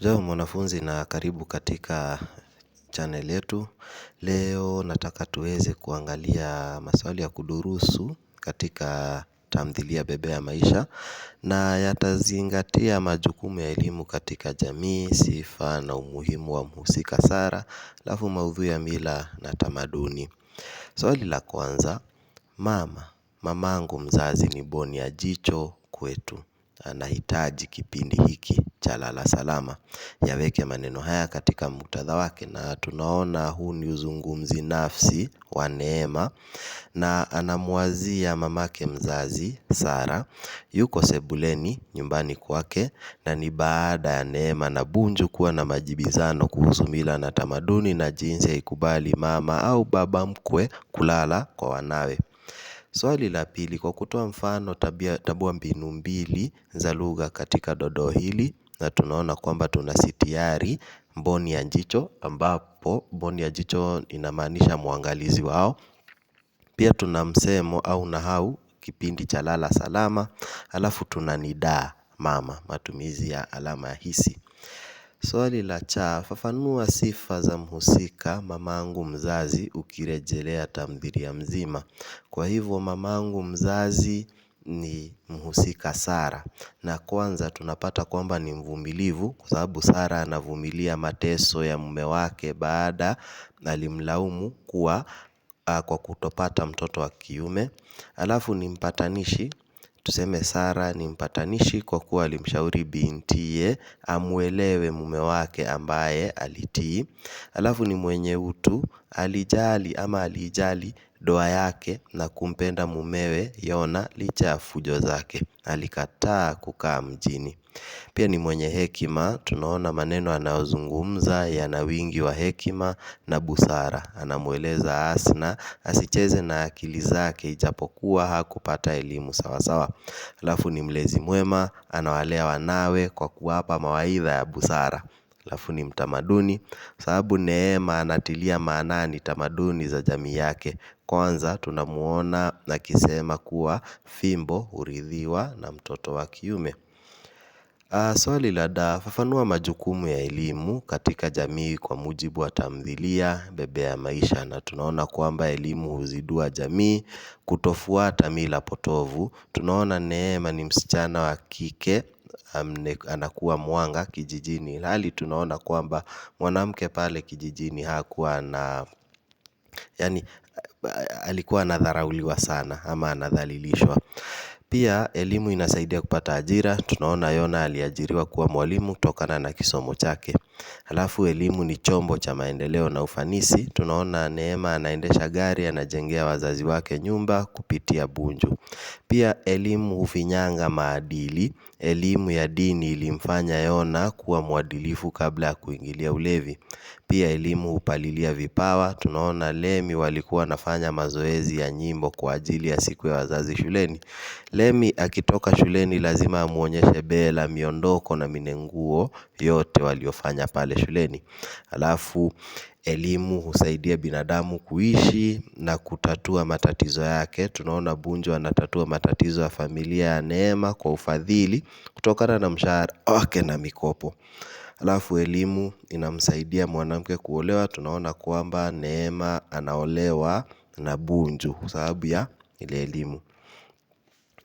Ujambo mwanafunzi na karibu katika channel yetu. Leo nataka tuweze kuangalia maswali ya kudurusu katika tamthilia bebe ya Maisha na yatazingatia majukumu ya elimu katika jamii, sifa na umuhimu wa mhusika Sara, alafu maudhui ya mila na tamaduni. Swali la kwanza, mama, mamangu mzazi ni boni ya jicho kwetu anahitaji kipindi hiki cha lala salama yaweke maneno haya katika muktadha wake na tunaona huu ni uzungumzi nafsi wa Neema na anamwazia mamake mzazi Sara yuko sebuleni nyumbani kwake na ni baada ya Neema na Bunju kuwa na majibizano kuhusu mila na tamaduni na jinsi ya ikubali mama au baba mkwe kulala kwa wanawe. Swali la pili kwa kutoa mfano tabua mbinu mbili za lugha katika dodoo hili na tunaona kwamba tuna sitiari mboni ya jicho ambapo mboni ya jicho inamaanisha mwangalizi wao. Pia tuna msemo au nahau kipindi cha lala salama alafu tuna nidaa mama matumizi ya alama ya hisi. Swali la cha fafanua sifa za mhusika mamangu mzazi ukirejelea tamthilia mzima. Kwa hivyo mamangu mzazi ni mhusika Sara. Na kwanza tunapata kwamba ni mvumilivu kwa sababu Sara anavumilia mateso ya mume wake baada alimlaumu kuwa ah, kwa kutopata mtoto wa kiume. Alafu ni mpatanishi tuseme Sara ni mpatanishi kwa kuwa alimshauri bintiye amuelewe mume wake ambaye alitii. Alafu ni mwenye utu alijali ama alijali ndoa yake na kumpenda mumewe Yona licha ya fujo zake. Alikataa kukaa mjini. Pia ni mwenye hekima, tunaona maneno anayozungumza yana wingi wa hekima na busara. Anamweleza Asna, asicheze na akili zake ijapokuwa hakupata elimu sawasawa. Alafu ni mlezi mwema, anawalea wanawe kwa kuwapa mawaidha ya busara. Alafu ni mtamaduni, sababu Neema anatilia maanani tamaduni za jamii yake. Kwanza tunamuona akisema kuwa fimbo huridhiwa na mtoto wa kiume. Ah, swali la da, fafanua majukumu ya elimu katika jamii kwa mujibu wa tamthilia, bebe ya maisha na tunaona kwamba elimu huzidua jamii, kutofuata mila potovu, tunaona neema ni msichana wa kike, anakuwa mwanga kijijini. Ilhali tunaona kwamba mwanamke pale kijijini hakuwa na yaani alikuwa anadharauliwa sana ama anadhalilishwa. Pia elimu inasaidia kupata ajira, tunaona yona aliajiriwa kuwa mwalimu kutokana na kisomo chake. Halafu elimu ni chombo cha maendeleo na ufanisi, tunaona Neema anaendesha gari anajengea wazazi wake nyumba kupitia Bunju. Pia elimu hufinyanga maadili, elimu ya dini ilimfanya Yona kuwa mwadilifu kabla ya kuingilia ulevi. Pia elimu hupalilia vipawa, tunaona Lemi walikuwa wanafanya mazoezi ya nyimbo kwa ajili ya siku ya wazazi shuleni. Lemi akitoka shuleni lazima amuonyeshe Bela miondoko na minenguo yote waliofanya pale shuleni. alafu elimu husaidia binadamu kuishi na kutatua matatizo yake. Tunaona Bunju anatatua matatizo ya familia ya Neema kwa ufadhili kutokana na mshahara wake na mikopo. alafu elimu inamsaidia mwanamke kuolewa. Tunaona kwamba Neema anaolewa na Bunju kwa sababu ya ile elimu.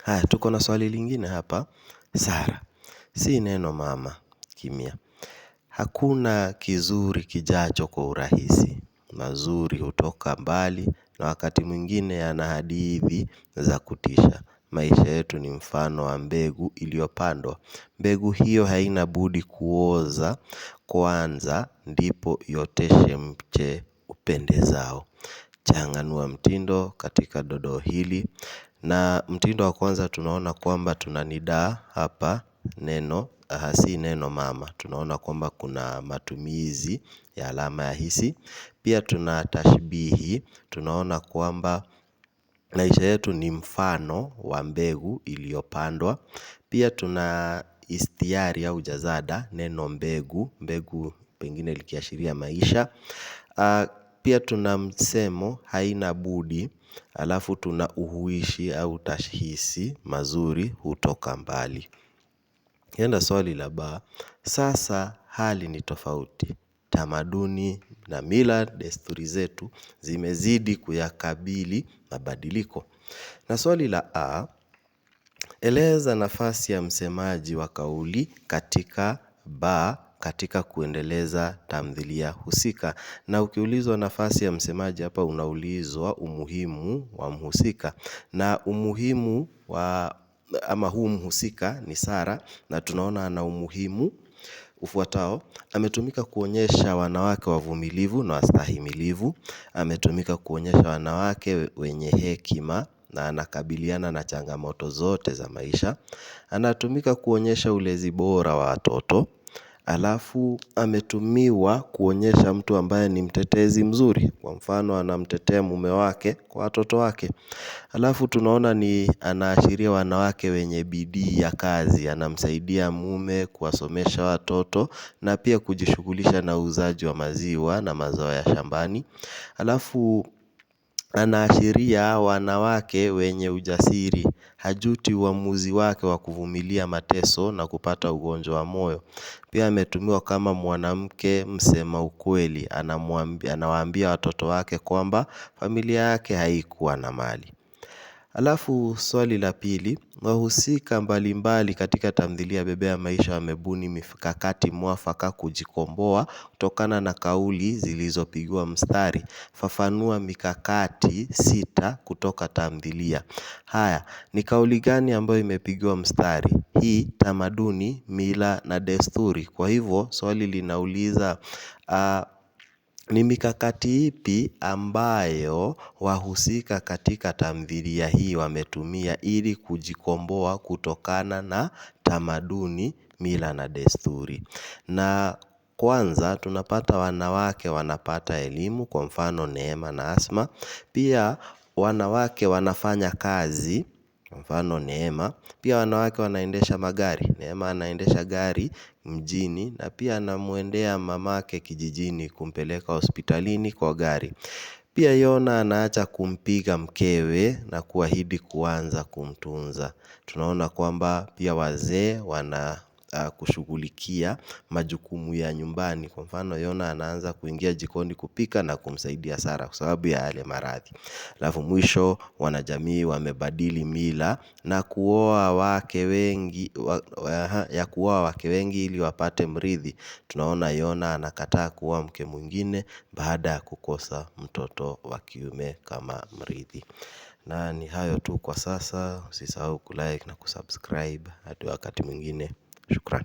Haya tuko na swali lingine hapa Sara, si neno mama kimya Hakuna kizuri kijacho kwa urahisi. Mazuri hutoka mbali na wakati mwingine yana hadithi za kutisha. Maisha yetu ni mfano wa mbegu iliyopandwa. Mbegu hiyo haina budi kuoza kwanza ndipo ioteshe mche upendezao. Changanua mtindo katika dondoo hili na mtindo wa kwanza tunaona kwamba tuna nidaa hapa neno Ah, si neno mama. Tunaona kwamba kuna matumizi ya alama ya hisi. Pia tuna tashbihi. Tunaona kwamba maisha yetu ni mfano wa mbegu iliyopandwa. Pia tuna istiari au jazada neno mbegu. Mbegu pengine likiashiria maisha. Ah, pia tuna msemo haina budi. Alafu tuna uhuishi au tashihisi mazuri hutoka mbali. Yenda swali la ba sasa hali ni tofauti. Tamaduni na mila desturi zetu zimezidi kuyakabili mabadiliko. Na swali la a, eleza nafasi ya msemaji wa kauli katika ba katika kuendeleza tamthilia husika. Na ukiulizwa nafasi ya msemaji hapa unaulizwa umuhimu wa mhusika. Na umuhimu wa ama huu mhusika ni Sara na tunaona ana umuhimu ufuatao. Ametumika kuonyesha wanawake wavumilivu na wastahimilivu. Ametumika kuonyesha wanawake wenye hekima na anakabiliana na changamoto zote za maisha. Anatumika kuonyesha ulezi bora wa watoto. Alafu ametumiwa kuonyesha mtu ambaye ni mtetezi mzuri kwa mfano anamtetea mume wake kwa watoto wake. Alafu tunaona ni anaashiria wanawake wenye bidii ya kazi anamsaidia mume kuwasomesha watoto na pia kujishughulisha na uuzaji wa maziwa na mazao ya shambani. Alafu Anaashiria wanawake wenye ujasiri. Hajuti uamuzi wake wa kuvumilia mateso na kupata ugonjwa wa moyo. Pia ametumiwa kama mwanamke msema ukweli. Anawaambia watoto wake kwamba familia yake haikuwa na mali. Alafu swali la pili, wahusika mbalimbali katika tamthilia Bembea ya Maisha wamebuni mikakati mwafaka kujikomboa kutokana na kauli zilizopigiwa mstari. Fafanua mikakati sita kutoka tamthilia. Haya, ni kauli gani ambayo imepigiwa mstari? Hii tamaduni, mila na desturi. Kwa hivyo swali linauliza ah, ni mikakati ipi ambayo wahusika katika tamthilia hii wametumia ili kujikomboa kutokana na tamaduni, mila na desturi. Na kwanza tunapata wanawake wanapata elimu kwa mfano Neema na Asma. Pia wanawake wanafanya kazi kwa mfano Neema, pia wanawake wanaendesha magari. Neema anaendesha gari mjini na pia anamuendea mamake kijijini kumpeleka hospitalini kwa gari. Pia Yona anaacha kumpiga mkewe na kuahidi kuanza kumtunza. Tunaona kwamba pia wazee wana. Uh, kushughulikia majukumu ya nyumbani kwa mfano Yona anaanza kuingia jikoni kupika na kumsaidia Sara kwa sababu ya yale maradhi. Alafu mwisho wanajamii wamebadili mila na kuoa wake wengi ya kuoa wake wengi ili wapate mrithi. Tunaona Yona anakataa kuoa mke mwingine baada ya kukosa mtoto wa kiume kama mrithi. Na ni hayo tu kwa sasa usisahau kulike na kusubscribe hadi wakati mwingine. شكرا